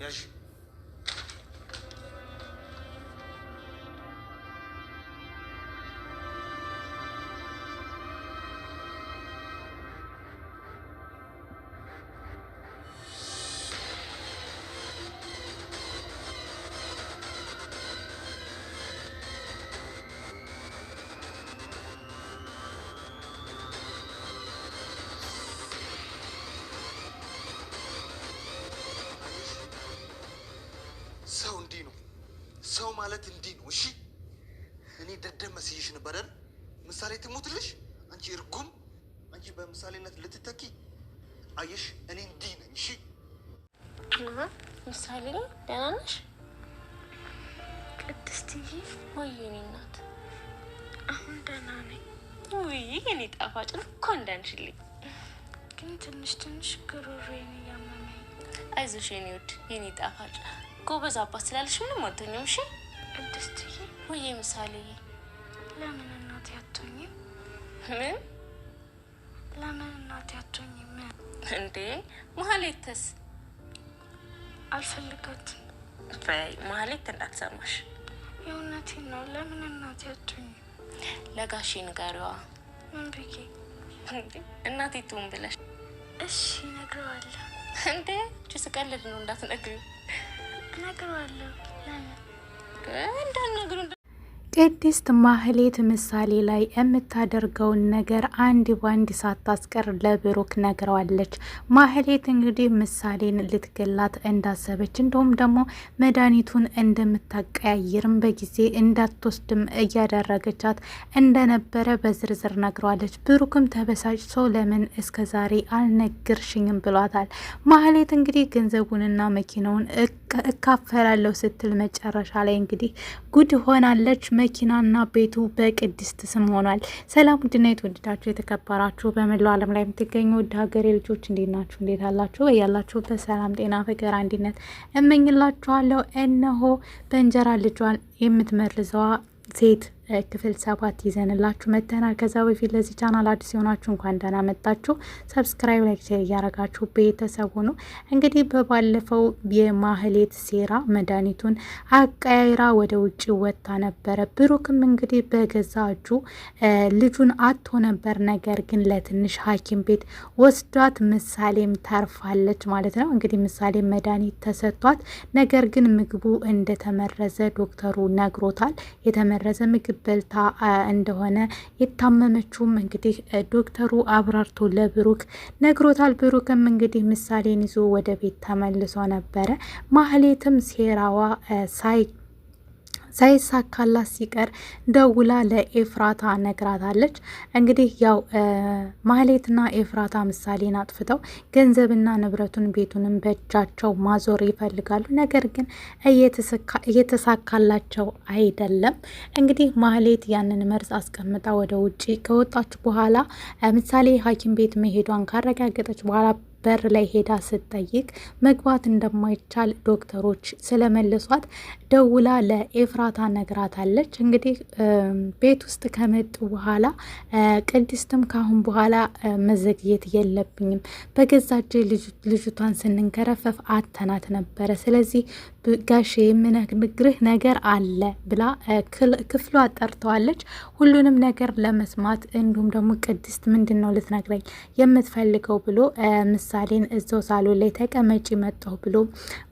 E a gente ማለት እንዲህ ነው። እሺ እኔ ደደብ መስዬሽ ነበር አይደል? ምሳሌ ትሞትልሽ አንቺ እርጉም፣ አንቺ በምሳሌነት ልትተኪ። አየሽ እኔ እንዲህ ነኝ። እሺ ምሳሌ ደህና ነሽ? ቅድስትዬ ወይኔ እናት አሁን ደህና ነኝ። ውይ እኔ ጣፋጭ እኮ እንዳንሽልኝ፣ ግን ትንሽ ትንሽ ግሮሮዬን እያመመኝ። አይዞሽ የኔ ውድ የኔ ጣፋጭ ጎበዝ አባት ስላለሽ ምንም ወቶኛም። እሺ ቅድስትዬ ወይ ምሳሌ ለምን እናቴ አትሆኝም? ምን ለምን እናቴ አትሆኝም? እንዴ መሀሌትስ? አልፈልጋትም። በይ መሀሌት እንዳትሰማሽ። የእውነቴን ነው። ለምን እናቴ አትሆኝም? ለጋሼ ንገሪዋ። ምን ብዬ እናቴ ትሁን ብለሽ? እሺ እነግረዋለሁ። እንዴ ስቀልድ ነው እንዳትነግሪው። እነግረዋለሁ። ለምን እንዳናግረው ቅድስት ማህሌት ምሳሌ ላይ የምታደርገውን ነገር አንድ ባንድ ሳታስቀር ለብሩክ ነግረዋለች። ማህሌት እንግዲህ ምሳሌን ልትገላት እንዳሰበች እንዲሁም ደግሞ መድኃኒቱን እንደምታቀያይርም በጊዜ እንዳትወስድም እያደረገቻት እንደነበረ በዝርዝር ነግረዋለች። ብሩክም ተበሳጭቶ ለምን እስከ ዛሬ አልነግርሽኝም ብሏታል። ማህሌት እንግዲህ ገንዘቡንና መኪናውን እካፈላለሁ ስትል መጨረሻ ላይ እንግዲህ ጉድ ሆናለች። መኪናና ቤቱ በቅድስት ስም ሆኗል። ሰላም ውድና የተወደዳችሁ የተከበራችሁ በመላው ዓለም ላይ የምትገኙ ውድ ሀገሬ ልጆች እንዴት ናችሁ? እንዴት አላችሁ? በያላችሁ በሰላም ጤና፣ ፍቅር፣ አንድነት እመኝላችኋለሁ። እነሆ በእንጀራ ልጇን የምትመርዘዋ ሴት ክፍል ሰባት ይዘንላችሁ መተናል። ከዛ በፊት ለዚህ ቻናል አዲስ የሆናችሁ እንኳን ደህና መጣችሁ። ሰብስክራይብ፣ ላይክ፣ ሼር እያረጋችሁ ቤተሰቡ ነው። እንግዲህ በባለፈው የማህሌት ሴራ መድኃኒቱን አቀያይራ ወደ ውጭ ወጥታ ነበረ። ብሩክም እንግዲህ በገዛ እጁ ልጁን አቶ ነበር። ነገር ግን ለትንሽ ሐኪም ቤት ወስዷት ምሳሌም ተርፋለች ማለት ነው። እንግዲህ ምሳሌም መድኃኒት ተሰጥቷት፣ ነገር ግን ምግቡ እንደተመረዘ ዶክተሩ ነግሮታል። የተመረዘ ምግብ በልታ እንደሆነ የታመመችውም እንግዲህ ዶክተሩ አብራርቶ ለብሩክ ነግሮታል። ብሩክም እንግዲህ ምሳሌን ይዞ ወደ ቤት ተመልሶ ነበረ። ማህሌትም ሴራዋ ሳይ ሳይሳካላት ሲቀር ደውላ ለኤፍራታ ነግራታለች። እንግዲህ ያው ማህሌትና ኤፍራታ ምሳሌን አጥፍተው ገንዘብና ንብረቱን ቤቱንም በእጃቸው ማዞር ይፈልጋሉ። ነገር ግን እየተሳካላቸው አይደለም። እንግዲህ ማህሌት ያንን መርዝ አስቀምጣ ወደ ውጭ ከወጣች በኋላ ምሳሌ ሐኪም ቤት መሄዷን ካረጋገጠች በኋላ በር ላይ ሄዳ ስትጠይቅ መግባት እንደማይቻል ዶክተሮች ስለመልሷት ደውላ ለኤፍራታ ነግራታለች። እንግዲህ ቤት ውስጥ ከመጡ በኋላ ቅድስትም ካሁን በኋላ መዘግየት የለብኝም በገዛ ልጅቷን ስንንከረፈፍ አተናት ነበረ። ስለዚህ ጋሽ የምነግርህ ነገር አለ ብላ ክፍሏ ጠርተዋለች። ሁሉንም ነገር ለመስማት እንዲሁም ደግሞ ቅድስት ምንድን ነው ልትነግረኝ የምትፈልገው ብሎ ምሳ ምሳሌን እዛው ሳሎን ላይ ተቀመጪ መጣሁ ብሎ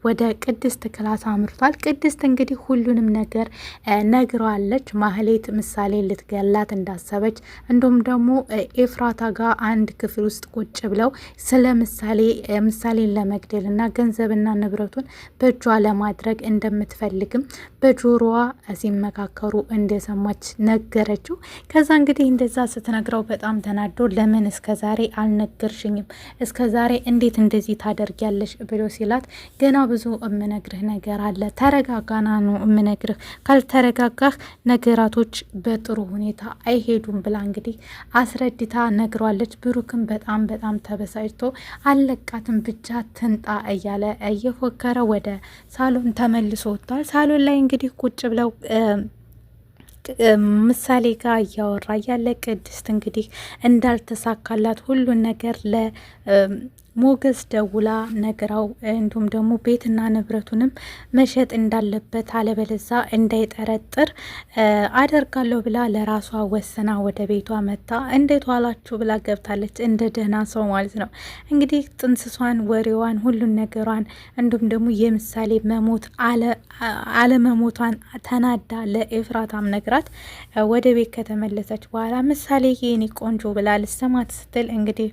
ወደ ቅድስት ክላስ አምርቷል። ቅድስት እንግዲህ ሁሉንም ነገር ነግረዋለች። ማህሌት ምሳሌ ልትገላት እንዳሰበች እንዲሁም ደግሞ ኤፍራታ ጋር አንድ ክፍል ውስጥ ቁጭ ብለው ስለ ምሳሌ ምሳሌን ለመግደል እና ገንዘብና ንብረቱን በእጇ ለማድረግ እንደምትፈልግም በጆሮዋ ሲመካከሩ እንደሰማች ነገረችው። ከዛ እንግዲህ እንደዛ ስትነግረው በጣም ተናዶ ለምን እስከዛሬ አልነገርሽኝም? እስከዛሬ ዛሬ እንዴት እንደዚህ ታደርጊያለሽ ብሎ ሲላት ገና ብዙ እምነግርህ ነገር አለ፣ ተረጋጋና ነው እምነግርህ። ካልተረጋጋህ ነገራቶች በጥሩ ሁኔታ አይሄዱም ብላ እንግዲህ አስረድታ ነግሯለች። ብሩክም በጣም በጣም ተበሳጭቶ አለቃትም ብቻ ትንጣ እያለ እየፎከረ ወደ ሳሎን ተመልሶ ወጥቷል። ሳሎን ላይ እንግዲህ ቁጭ ብለው ምሳሌ ጋር እያወራ ያለ ቅድስት እንግዲህ እንዳልተሳካላት ሁሉን ነገር ለ ሞገስ ደውላ ነግራው እንዲሁም ደግሞ ቤትና ንብረቱንም መሸጥ እንዳለበት አለበለዛ እንዳይጠረጥር አደርጋለሁ ብላ ለራሷ ወስና ወደ ቤቷ መታ እንዴት ዋላችሁ ብላ ገብታለች። እንደ ደህና ሰው ማለት ነው። እንግዲህ ጥንስሷን፣ ወሬዋን፣ ሁሉን ነገሯን እንዲሁም ደግሞ የምሳሌ መሞት አለመሞቷን ተናዳ ለኤፍራታም ነግራት ወደ ቤት ከተመለሰች በኋላ ምሳሌ የኔ ቆንጆ ብላ ልሰማት ስትል እንግዲህ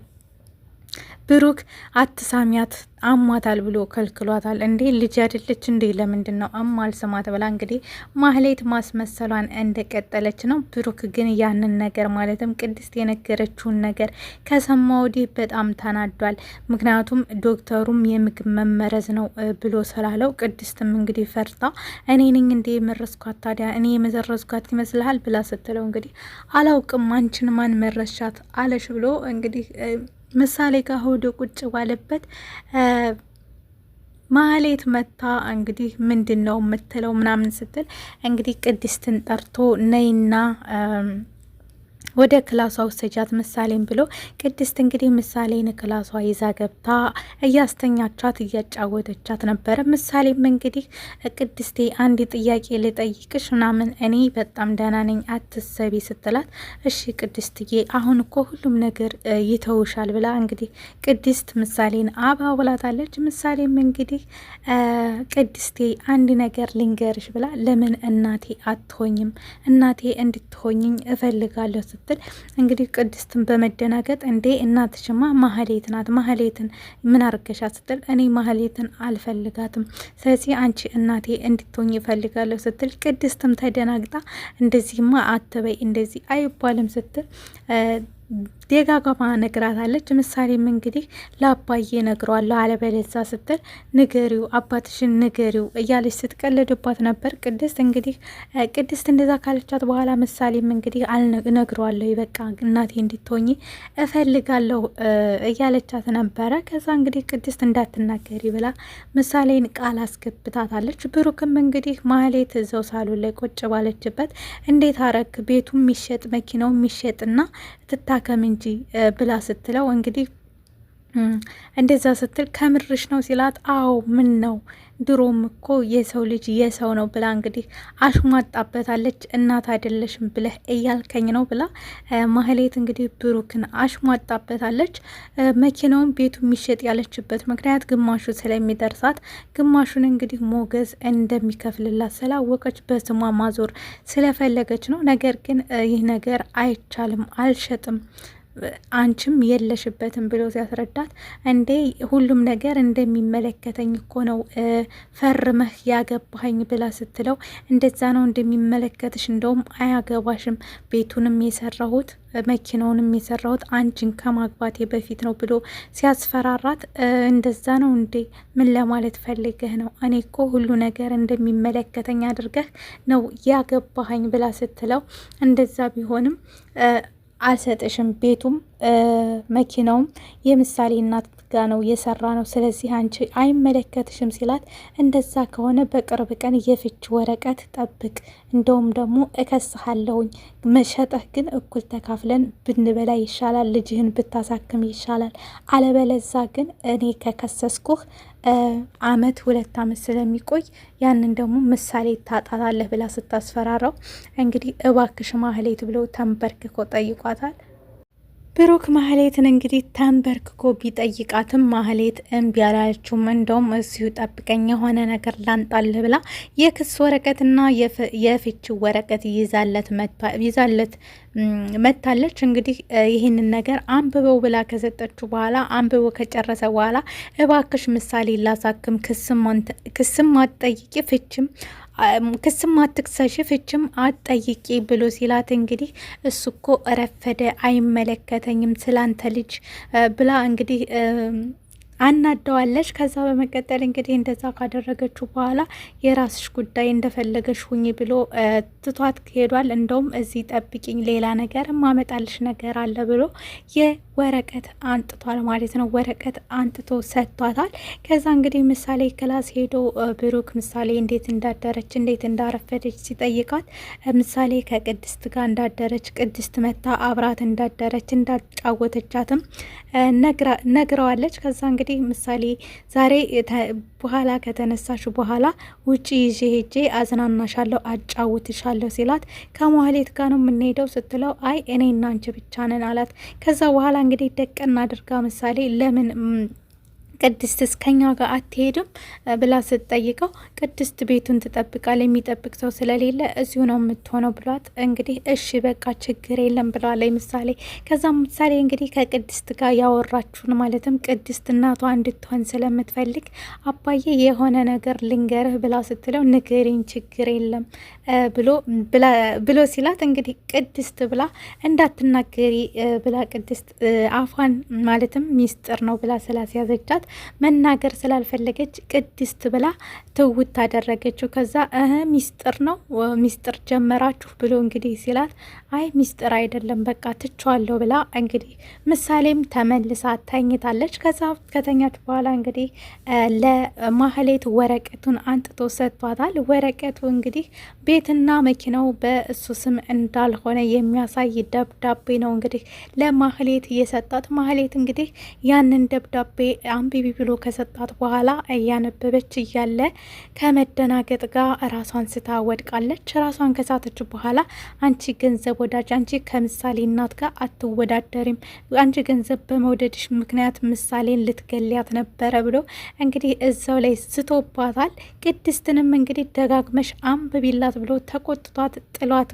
ብሩክ አትሳሚያት አሟታል ብሎ ከልክሏታል። እንዴ ልጅ አይደለች እንዴ? ለምንድን ነው አማል ስማት ብላ እንግዲህ ማህሌት ማስመሰሏን እንደቀጠለች ነው። ብሩክ ግን ያንን ነገር ማለትም ቅድስት የነገረችውን ነገር ከሰማ ወዲህ በጣም ተናዷል። ምክንያቱም ዶክተሩም የምግብ መመረዝ ነው ብሎ ስላለው ቅድስትም እንግዲህ ፈርታ እኔ ነኝ እንዴ የመረዝኳት ታዲያ እኔ የመዘረዝኳት ይመስልሃል ብላ ስትለው እንግዲህ አላውቅም አንቺን ማን መረሻት አለሽ ብሎ እንግዲህ ምሳሌ ጋር ቁጭ ባለበት ማህሌት መታ እንግዲህ ምንድን ነው የምትለው ምናምን ስትል እንግዲህ ቅድስትን ጠርቶ ነይና ወደ ክላሷ ውሰጃት ምሳሌን ብሎ ቅድስት እንግዲህ ምሳሌን ክላሷ ይዛ ገብታ እያስተኛቻት እያጫወተቻት ነበረ። ምሳሌም እንግዲህ ቅድስቴ አንድ ጥያቄ ልጠይቅሽ ምናምን እኔ በጣም ደህና ነኝ አትሰቢ ስትላት፣ እሺ ቅድስትዬ አሁን እኮ ሁሉም ነገር ይተውሻል ብላ እንግዲህ ቅድስት ምሳሌን አባብላታለች። ምሳሌም እንግዲህ ቅድስቴ አንድ ነገር ልንገርሽ ብላ ለምን እናቴ አትሆኝም እናቴ እንድትሆኝኝ እፈልጋለሁ ስትል እንግዲህ ቅድስትን በመደናገጥ እንዴ እናትሽማ ማህሌት ናት፣ ማህሌትን ምን አርገሻ ስትል እኔ ማህሌትን አልፈልጋትም፣ ስለዚህ አንቺ እናቴ እንድትሆኝ ይፈልጋለሁ ስትል ቅድስትም ተደናግጣ እንደዚህማ አትበይ እንደዚህ አይባልም ስትል ደጋጋማ ነግራታለች። ምሳሌም እንግዲህ ለአባዬ ነግሯለሁ አለበለዛ ስትል ንገሪው አባትሽን ንገሪው እያለች ስትቀልድባት ነበር። ቅድስት እንግዲህ ቅድስት እንደዛ ካለቻት በኋላ ምሳሌም እንግዲህ አልነግሯለሁ በቃ እናቴ እንድትሆኝ እፈልጋለሁ እያለቻት ነበረ። ከዛ እንግዲህ ቅድስት እንዳትናገሪ ብላ ምሳሌን ቃል አስገብታታለች። ብሩክም እንግዲህ ማህሌት እዛው ሳሉ ላይ ቁጭ ባለችበት እንዴት አረክ ቤቱ የሚሸጥ መኪናው የሚሸጥና ትታ ታከም እንጂ ብላ ስትለው እንግዲህ እንደዛ ስትል ከምርሽ ነው ሲላት፣ አዎ ምን ነው ድሮም እኮ የሰው ልጅ የሰው ነው ብላ እንግዲህ አሽሟጣበታለች። እናት አይደለሽም ብለህ እያልከኝ ነው ብላ ማህሌት እንግዲህ ብሩክን አሽሟጣበታለች። መኪናውን ቤቱ የሚሸጥ ያለችበት ምክንያት ግማሹ ስለሚደርሳት ግማሹን እንግዲህ ሞገዝ እንደሚከፍልላት ስላወቀች በስሟ ማዞር ስለፈለገች ነው። ነገር ግን ይህ ነገር አይቻልም፣ አልሸጥም አንቺም የለሽበትም ብሎ ሲያስረዳት እንዴ ሁሉም ነገር እንደሚመለከተኝ እኮ ነው ፈርመህ ያገባኸኝ ብላ ስትለው እንደዛ ነው እንደሚመለከትሽ፣ እንደውም አያገባሽም፣ ቤቱንም የሰራሁት መኪናውንም የሰራሁት አንቺን ከማግባቴ በፊት ነው ብሎ ሲያስፈራራት፣ እንደዛ ነው እንዴ? ምን ለማለት ፈልገህ ነው? እኔ እኮ ሁሉ ነገር እንደሚመለከተኝ አድርገህ ነው ያገባኸኝ ብላ ስትለው እንደዛ ቢሆንም አልሰጥሽም ቤቱም መኪናውም የምሳሌ እናት ጋ ነው የሰራ ነው። ስለዚህ አንቺ አይመለከትሽም ሲላት፣ እንደዛ ከሆነ በቅርብ ቀን የፍች ወረቀት ጠብቅ፣ እንደውም ደግሞ እከስሃለሁኝ። መሸጠህ ግን እኩል ተካፍለን ብንበላ ይሻላል፣ ልጅህን ብታሳክም ይሻላል። አለበለዛ ግን እኔ ከከሰስኩህ አመት ሁለት አመት ስለሚቆይ ያንን ደግሞ ምሳሌ ታጣታለህ ብላ ስታስፈራራው፣ እንግዲህ እባክሽ ማህሌት ብለው ተንበርክኮ ጠይቋታል። ብሩክ ማህሌትን እንግዲህ ተንበርክኮ ቢጠይቃትም ማህሌት እምቢ አላለችም። እንደውም እዚሁ ጠብቀኝ የሆነ ነገር ላንጣል ብላ የክስ ወረቀትና የፍች ወረቀት ይዛለት መታለች። እንግዲህ ይህንን ነገር አንብበው ብላ ከሰጠችው በኋላ አንብበው ከጨረሰ በኋላ እባክሽ ምሳሌ ላሳክም ክስም አትጠይቂ ፍችም ክስም አትክሰሽ ፍችም አትጠይቂ ብሎ ሲላት እንግዲህ እሱ እኮ ረፈደ አይመለከተኝም ስላንተ ልጅ ብላ እንግዲህ አናደዋለች። ከዛ በመቀጠል እንግዲህ እንደዛ ካደረገችው በኋላ የራስሽ ጉዳይ እንደፈለገሽ ሁኝ ብሎ ትቷት ሄዷል። እንደውም እዚህ ጠብቂኝ፣ ሌላ ነገር ማመጣልሽ ነገር አለ ብሎ የወረቀት አንጥቷል ማለት ነው። ወረቀት አንጥቶ ሰጥቷታል። ከዛ እንግዲህ ምሳሌ ክላስ ሄዶ ብሩክ ምሳሌ እንዴት እንዳደረች እንዴት እንዳረፈደች ሲጠይቃት ምሳሌ ከቅድስት ጋር እንዳደረች ቅድስት መታ አብራት እንዳደረች እንዳጫወተቻትም ነግረዋለች። ከዛ እንግዲህ እንግዲህ ምሳሌ ዛሬ በኋላ ከተነሳሽ በኋላ ውጭ ይዤ ሄጄ አዝናናሻለሁ፣ አጫውትሻለሁ ሲላት ከማህሌት ጋር ነው የምንሄደው ስትለው አይ እኔ አንቺ ብቻ ነን አላት። ከዛ በኋላ እንግዲህ ደቀና አድርጋ ምሳሌ ለምን ቅድስት እስከኛ ጋር አትሄድም ብላ ስትጠይቀው ቅድስት ቤቱን ትጠብቃል፣ የሚጠብቅ ሰው ስለሌለ እዚሁ ነው የምትሆነው ብሏት፣ እንግዲህ እሺ በቃ ችግር የለም ብለዋለች ምሳሌ። ከዛ ምሳሌ እንግዲህ ከቅድስት ጋር ያወራችሁን ማለትም ቅድስት እናቷ እንድትሆን ስለምትፈልግ አባዬ የሆነ ነገር ልንገርህ ብላ ስትለው ንገሪኝ፣ ችግር የለም ብሎ ሲላት እንግዲህ ቅድስት ብላ እንዳትናገሪ ብላ ቅድስት አፏን ማለትም ሚስጥር ነው ብላ ስላስያዘቻት መናገር ስላልፈለገች ቅድስት ብላ ትውት ታደረገችው። ከዛ እህ ሚስጥር ነው ሚስጥር ጀመራችሁ ብሎ እንግዲህ ሲላት አይ ሚስጥር አይደለም በቃ ትቸዋለሁ ብላ እንግዲህ ምሳሌም ተመልሳ ተኝታለች። ከዛ ከተኛች በኋላ እንግዲህ ለማህሌት ወረቀቱን አንጥቶ ሰጥቷታል። ወረቀቱ እንግዲህ ቤትና መኪናው በእሱ ስም እንዳልሆነ የሚያሳይ ደብዳቤ ነው እንግዲህ ለማህሌት እየሰጣት ማህሌት እንግዲህ ያንን ደብዳቤ አንቢ ሀቢቢ ብሎ ከሰጣት በኋላ እያነበበች እያለ ከመደናገጥ ጋር ራሷን ስታ ወድቃለች። ራሷን ከሳተች በኋላ አንቺ ገንዘብ ወዳጅ፣ አንቺ ከምሳሌ እናት ጋር አትወዳደሪም፣ አንቺ ገንዘብ በመውደድሽ ምክንያት ምሳሌን ልትገሊያት ነበረ ብሎ እንግዲህ እዛው ላይ ስቶባታል። ቅድስትንም እንግዲህ ደጋግመሽ አንብቢላት ብሎ ተቆጥቷት ጥሏት